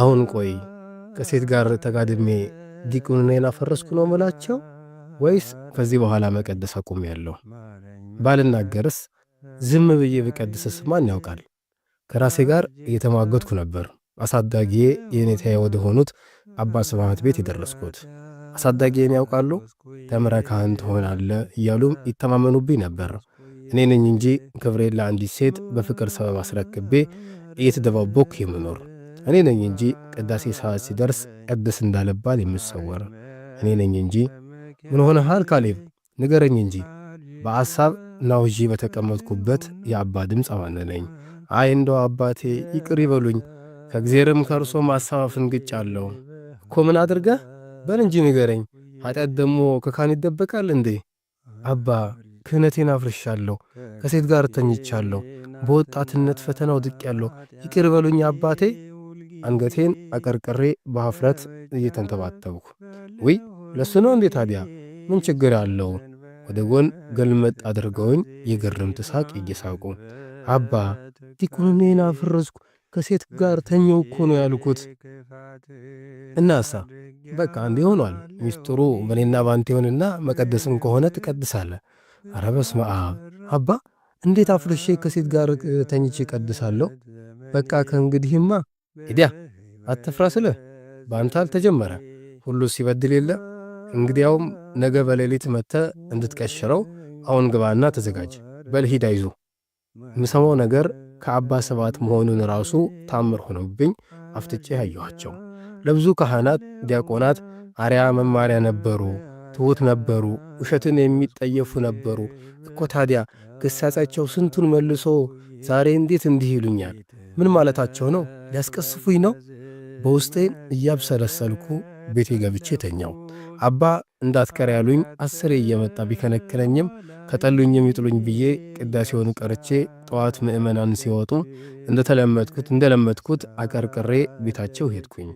አሁን ቆይ ከሴት ጋር ተጋድሜ ዲቁንናዬን አፈረስኩ ነው ምላቸው ወይስ ከዚህ በኋላ መቀደስ አቁም ያለው? ባልናገርስ ዝም ብዬ ብቀድስስ ማን ያውቃል? ከራሴ ጋር እየተሟገትኩ ነበር። አሳዳጊዬ የኔታዬ ወደ ሆኑት አባ ስብሐት ቤት የደረስኩት አሳዳጊዬን ያውቃሉ። ተምረ ካህን ትሆናለ እያሉም ይተማመኑብኝ ነበር። እኔ ነኝ እንጂ ክብሬን ለአንዲት ሴት በፍቅር ሰበብ አስረክቤ እየተደባቦክ የምኖር እኔ ነኝ እንጂ ቅዳሴ ሰዓት ሲደርስ ቅድስ እንዳልባል የምሰወር እኔ ነኝ እንጂ ምን ሆነሃል ካሌብ ንገረኝ እንጂ በአሳብ ናውዢ በተቀመጥኩበት የአባ ድምፅ አዋነ ነኝ። አይ እንደው አባቴ ይቅር ይበሉኝ፣ ከእግዜርም ከእርሶም ሐሳብ አለው እኮ ምን አድርገህ በል እንጂ ንገረኝ። ኃጢአት ደግሞ ከካን ይደበቃል እንዴ? አባ ክህነቴን አፍርሻለሁ፣ ከሴት ጋር ተኝቻለሁ፣ በወጣትነት ፈተናው ድቅ ያለሁ ይቅር በሉኝ አባቴ አንገቴን አቀርቅሬ በሐፍረት እየተንተባተብኩ ውይ ለሱ ነው እንዴ ታዲያ ምን ችግር አለው? ወደ ጎን ገልመጥ አድርገውኝ የግርምት ሳቅ እየሳቁ አባ ዲቁንኔን አፈረስኩ ከሴት ጋር ተኛው እኮ ነው ያልኩት። እናሳ በቃ እንዲህ ሆኗል። ሚስጥሩ በኔና ባንቴ ሆንና መቀደስም ከሆነ ትቀድሳለ። አረ በስመ አብ አባ እንዴት አፍርሼ ከሴት ጋር ተኝቼ ቀድሳለሁ? በቃ ከእንግዲህማ ሂዲያ አትፍራ ስልህ በአንተ አልተጀመረ ሁሉ ሲበድል የለ እንግዲያውም ነገ በሌሊት መጥተ እንድትቀሽረው አሁን ግባና ተዘጋጅ። በልሂድ አይዞ ምሰማው ነገር ከአባ ሰባት መሆኑን ራሱ ታምር ሆኖብኝ አፍትጬ ያየኋቸው ለብዙ ካህናት፣ ዲያቆናት አርያ መማሪያ ነበሩ። ትሑት ነበሩ። ውሸትን የሚጠየፉ ነበሩ። እኮ ታዲያ ግሳጻቸው ስንቱን መልሶ ዛሬ እንዴት እንዲህ ይሉኛል? ምን ማለታቸው ነው? ሊያስቀስፉኝ ነው? በውስጤ እያብሰለሰልኩ ቤቴ ገብቼ ተኛው። አባ እንዳትቀር ያሉኝ አስሬ እየመጣ ቢከነክነኝም ከጠሉኝ የሚጥሉኝ ብዬ ቅዳሴውን ቀርቼ ጠዋት ምዕመናን ሲወጡ እንደተለመድኩት እንደለመድኩት አቀርቅሬ ቤታቸው ሄድኩኝ።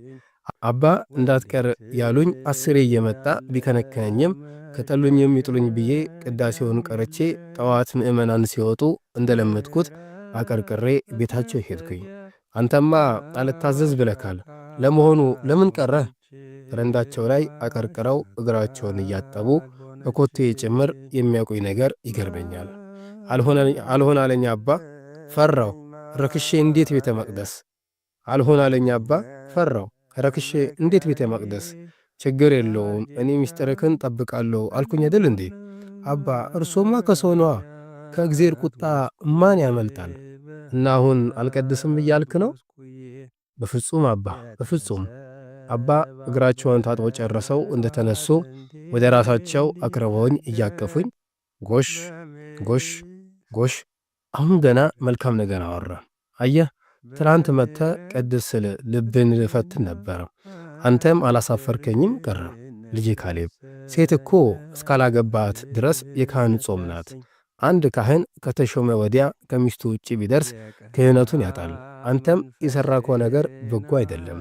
አባ እንዳትቀር ያሉኝ አስሬ እየመጣ ቢከነክነኝም ከጠሉኝ የሚጥሉኝ ብዬ ቅዳሴውን ቀርቼ ጠዋት ምእመናን ሲወጡ እንደለመድኩት አቀርቅሬ ቤታቸው ሄድኩኝ። አንተማ አልታዘዝ ብለካል ለመሆኑ ለምን ቀረህ? ረንዳቸው ላይ አቀርቅረው እግራቸውን እያጠቡ በኮቴ ጭምር የሚያውቁኝ ነገር ይገርመኛል። አልሆን አለኝ አባ ፈራው ረክሼ እንዴት ቤተ መቅደስ አልሆን አለኝ አባ ፈራው ረክሼ እንዴት ቤተ መቅደስ ችግር የለውም እኔ ምስጢርክን ጠብቃለሁ አልኩኝ አይደል እንዴ አባ እርሶማ ከሰው ከእግዜር ቁጣ ማን ያመልጣል እና አሁን አልቀድስም እያልክ ነው በፍጹም አባ በፍጹም አባ እግራቸውን ታጥቦ ጨርሰው እንደተነሱ ወደ ራሳቸው አቅርበውኝ እያቀፉኝ ጎሽ ጎሽ ጎሽ አሁን ገና መልካም ነገር አወራ። አየህ ትናንት መጥተ ቀድስ ስል ልብን ልፈትን ነበረ። አንተም አላሳፈርከኝም ቀረ። ልጄ ካሌብ ሴት እኮ እስካላገባት ድረስ የካህን ጾም ናት። አንድ ካህን ከተሾመ ወዲያ ከሚስቱ ውጭ ቢደርስ ክህነቱን ያጣል። አንተም የሠራከው ነገር በጎ አይደለም።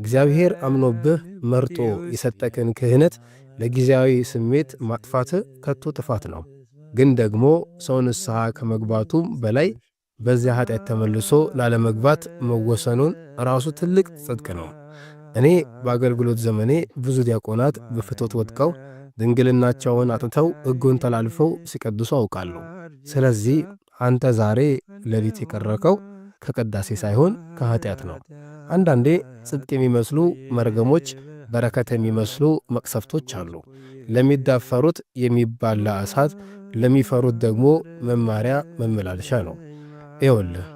እግዚአብሔር አምኖብህ መርጦ የሰጠክን ክህነት ለጊዜያዊ ስሜት ማጥፋትህ ከቶ ጥፋት ነው። ግን ደግሞ ሰው ንስሐ ከመግባቱም በላይ በዚያ ኃጢአት ተመልሶ ላለመግባት መወሰኑን ራሱ ትልቅ ጽድቅ ነው። እኔ በአገልግሎት ዘመኔ ብዙ ዲያቆናት በፍቶት ወድቀው ድንግልናቸውን አጥተው ሕጉን ተላልፈው ሲቀድሱ አውቃለሁ። ስለዚህ አንተ ዛሬ ሌሊት የቀረከው ከቅዳሴ ሳይሆን ከኃጢአት ነው። አንዳንዴ ጽድቅ የሚመስሉ መርገሞች፣ በረከት የሚመስሉ መቅሰፍቶች አሉ። ለሚዳፈሩት የሚባላ እሳት፣ ለሚፈሩት ደግሞ መማሪያ መመላለሻ ነው። ይኸውልህ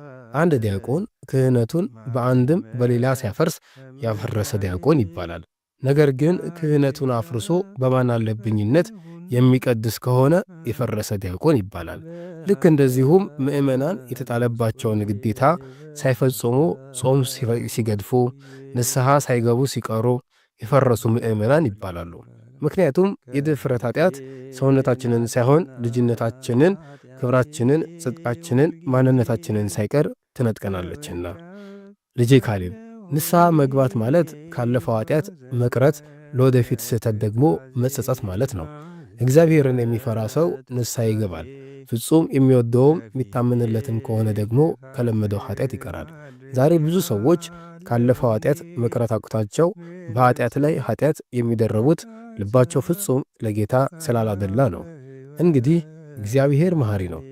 አንድ ዲያቆን ክህነቱን በአንድም በሌላ ሲያፈርስ ያፈረሰ ዲያቆን ይባላል። ነገር ግን ክህነቱን አፍርሶ በማናለብኝነት የሚቀድስ ከሆነ የፈረሰ ዲያቆን ይባላል። ልክ እንደዚሁም ምእመናን የተጣለባቸውን ግዴታ ሳይፈጽሙ ጾም ሲገድፉ፣ ንስሐ ሳይገቡ ሲቀሩ የፈረሱ ምእመናን ይባላሉ። ምክንያቱም የድፍረት ኃጢአት ሰውነታችንን ሳይሆን ልጅነታችንን፣ ክብራችንን፣ ጽድቃችንን፣ ማንነታችንን ሳይቀር ትነጥቀናለችና። ልጄ ካሌብ ንስሐ መግባት ማለት ካለፈው ኃጢአት መቅረት፣ ለወደፊት ስህተት ደግሞ መጸጸት ማለት ነው። እግዚአብሔርን የሚፈራ ሰው ንስሐ ይገባል። ፍጹም የሚወደውም የሚታመንለትም ከሆነ ደግሞ ከለመደው ኃጢአት ይቀራል። ዛሬ ብዙ ሰዎች ካለፈው ኃጢአት መቅረት አቁታቸው በኃጢአት ላይ ኃጢአት የሚደረቡት ልባቸው ፍጹም ለጌታ ስላላደላ ነው። እንግዲህ እግዚአብሔር መሐሪ ነው።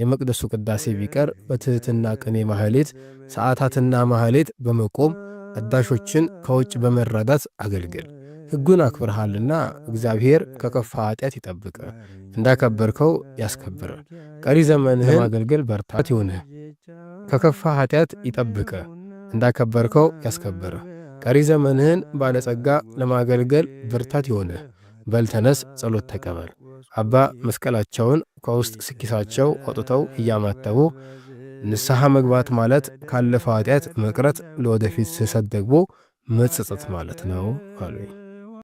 የመቅደሱ ቅዳሴ ቢቀር በትሕትና ቅኔ ማህሌት፣ ሰዓታትና ማህሌት በመቆም ቀዳሾችን ከውጭ በመረዳት አገልግል። ሕጉን አክብርሃልና እግዚአብሔር ከከፋ ኃጢአት ይጠብቅ፣ እንዳከበርከው ያስከብር። ቀሪ ዘመንህን ማገልገል በርታት ይሁንህ። ከከፋ ኃጢአት ይጠብቅ፣ እንዳከበርከው ያስከብር። ቀሪ ዘመንህን ባለጸጋ ለማገልገል ብርታት ይሆንህ። በልተነስ ጸሎት ተቀበል። አባ መስቀላቸውን ከውስጥ ስኪሳቸው አውጥተው እያማተቡ ንስሐ መግባት ማለት ካለፈው ኃጢአት መቅረት፣ ለወደፊት ስሰት ደግሞ መጸጸት ማለት ነው አሉኝ።